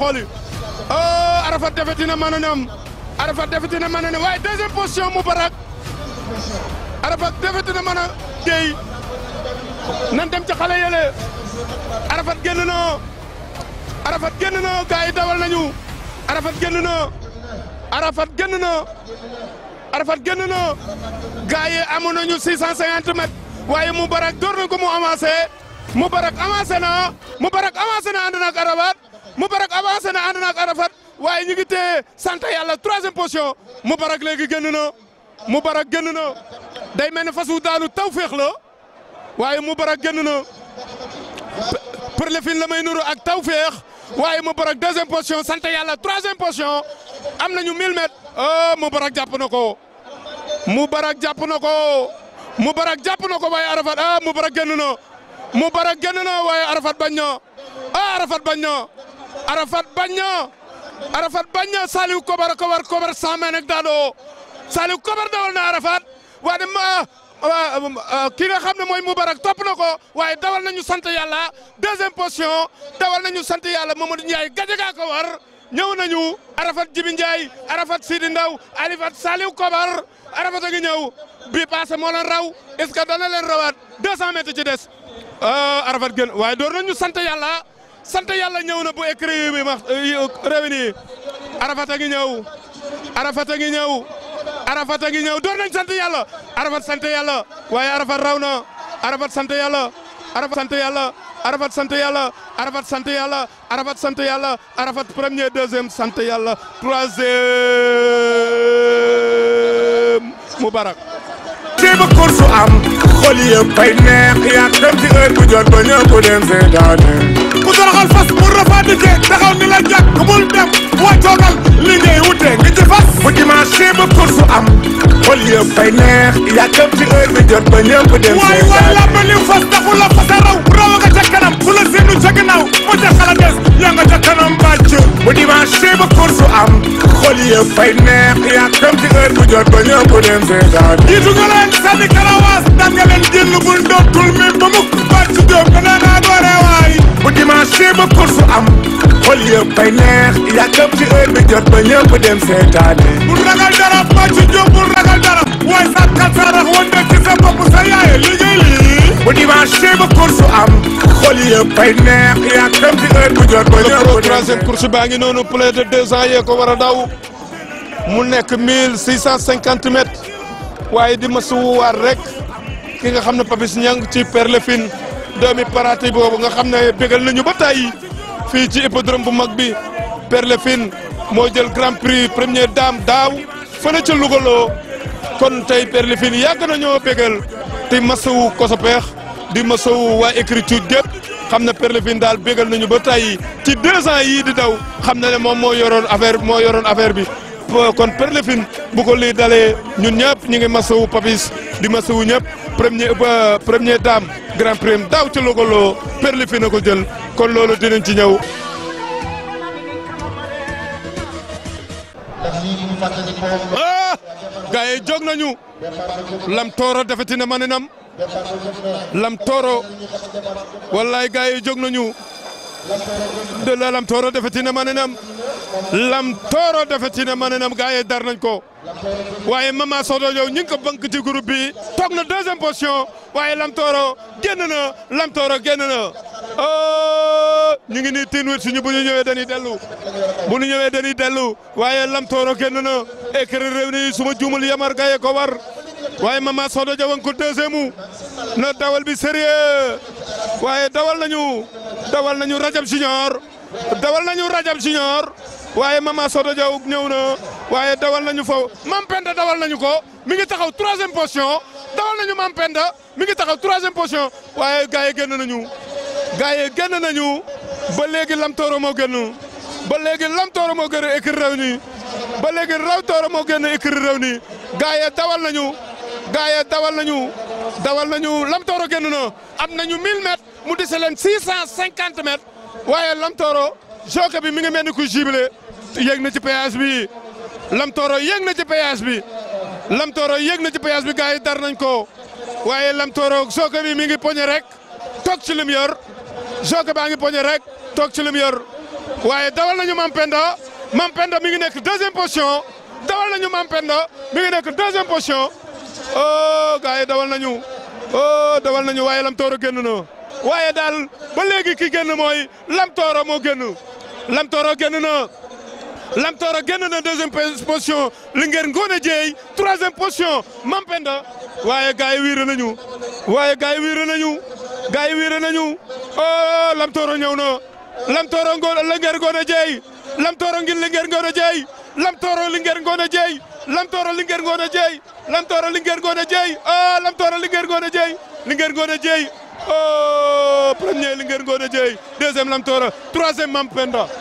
xooli oh, Arafat defetina mën na ne am Arafat defetina mën na ne waaye deuxième position Moubarak Arafat defetina mën a nan dem ca xale yële Arafat génn na Arafat génn na gars yi dawal nañu Arafat génn na Arafat génn na Arafat génn na gars yi amoon nañu 650 mètres waaye Moubarak mu avancé Moubarak avancé na Moubarak avancé na ànd na Moubarak avancé na ànd na ak Arafat waaye ñu ngi téye sant yàlla troisième position Moubarak léegi génn na Moubarak génn na day mel ne fas wu daanu tawféex la waaye Moubarak génn na fin la may nuru ak tawféex waaye Moubarak deuxième position sant yàlla troisième position am nañu 1000 mètres oh a jàpp na ko Moubarak jàpp na ko Moubarak jàpp na ko waaye Arafat ah Moubarak génn na Moubarak génn na waaye Arafat bañ na ah Arafat bañ arafat bañna arafat bañna saliw kobar kobar kobar samen ak daado saliw kobar dawal na arafat waaye ma ah, ah, ki nga xam na mooy Moubarak topp na ko waaye dawal nañu sant yàlla deuxième position dawal nañu sant yàlla Mamadou Ndiaye gajagaa ko war ñëw nañu arafat Jibi Ndiaye arafat Sidi Ndaw arafat Saliou Kobar arafat a ngi bi passé moo leen raw est dana leen rawaat 200 a ci des ah, arafat gën waaye door nañu sant yàlla sant yàlla ñëw na bu écrit bi ma réuni arafata ngi ñëw arafata ngi ñëw arafata ngi ñëw doon nañ sant yàlla arafat sant yàlla waaye arafat raw arafat sant yàlla arafat sant yàlla arafat sant yàlla arafat sant yàlla arafat sant yàlla arafat premier deuxième sant yàlla troisième mubarak ceeba course am xol yëpp fay neex yàkkamti heure bu jot ba ñëw ku dem seetaane ku toroxal fas mu rafaati jee taxaw ni la jàkk bul dem wàccoogal li ngay wute nga ci fas bu dimanche ceeba course am xol yëpp ay neex yàkkam ci heure bi jot ba ñëpp dem waay waay la ba liw nga ca kanam bu la seenu ca gannaaw mu am xol yëpp ay neex yàkkam ci heure bi jot ba ñëpp dem seetaan jiitu nga leen sànni nga leen jël bu ndootul mi ba mu bàcc jóob nga naa naa doore waay bu dimanche ba course am xol yëpp ay neex yàkkam ci heure bi jot ba ñëpp dem seetaane bu deuxième course am xol yëpp ay neex yaa kam ci heure bu jot ba ñor bu troisième course baa ngi noonu plus de deux ans yee ko war a daw mu nekk mille six cent cinquante mètres waaye di ma suwaat rek ki nga xam Papis Niang ci Perlefine doomi parati boobu nga xam ne nañu ba tàyyi fii ci hippodrome bu mag bi Perlefine moo jël grand prix première dame daaw fële ca Louga loo kon tey Perlefine yàgg nañoo bégal te masawu ko sa peex di masawu waa écriture gépp xam na Père daal bégal nañu ba tey ci deux ans yii di daw xam na ne moom moo yoroon affaire moo yoroon affaire bi kon Père Levine bu ko lii dalee ñun ñëpp ñu ngi masawu papis di masawu ñëpp premier euh, premier dame grand prix daaw ci lokoloo Père Levine a ko jël kon loolu dinañ ci ñëw. ah gars yi jóg nañu lam na Lam Toro wallaay gaay yi jóg nañu de la Lam tooro defati na manenam Lam Toro defati na manenam gaay yi dar nañ ko waaye Mama Sodo yow ñu ngi ko bank ci groupe bi toog na deuxième position waaye Lam Toro génn na Lam Toro génn na oh, ñu ngi nii tiin wit suñu bu ñu ñëwee dañuy dellu bu ñu ñëwee dañuy dellu waaye Lam Toro génn na écrit réew suma juumul yamar gaay ko war waaye Mama Soxna Dia wan ko deuxième na dawal bi sérieux waaye dawal nañu dawal nañu Rajab Junior dawal nañu Rajab Junior waaye Mama Soxna Dia ñëw na waaye dawal nañu fo Mam Penda dawal nañu ko mi ngi taxaw troisième position dawal nañu Mam Penda mi ngi taxaw troisième position waaye gars yi génn nañu gars ye génn nañu ba léegi Lamtooro moo génn ba léegi Lamtooro moo gën a écrire réew ñi ba léegi Rawtooro moo gën a écrire réew ñi gars yi dawal nañu. gars yi dawal nañu dawal nañu Lamtoro génn na am nañu 1000 mètres mu dese leen 650 mètres waaye Lamtoro jockey bi mi ngi mel ni ku jubilé yéeg na ci péage bi Lamtoro yéeg na ci péage bi Lamtoro yéeg na ci péage bi gars yi dar nañ ko waaye Lamtoro jockey bi mi ngi poñe rek toog ci lim yor baa ngi poñe rek toog ci lim yor waaye dawal nañu Mampenda Mampenda mi ngi nekk deuxième position dawal nañu Mampenda mi ngi nekk deuxième position. oh gars yi dawal nañu oh dawal nañu waaye Lam Tooro génn na waaye daal ba léegi ki génn mooy Lam Tooro moo génn Lam Tooro génn na. Lam Tooro génn na deuxième position Linguère Ngone Dieye troisième position Mampenda waaye gars yi wiire nañu waaye gars yi wiire nañu gars yi wiire nañu oh Lam Tooro ñëw na Lam Tooro Linguère Ngone Dieye Lam Tooro ngir Linguère Ngone Dieye lamtooro lingeer ngoone jeey lamtooro lingeer ngoone jeey lamtooro lingeer ngona jey ah lamtooro lingeer ngoone jeey lingeer ngona jey oh premier lingeer ngona jey deuxième toro troisième Mampenda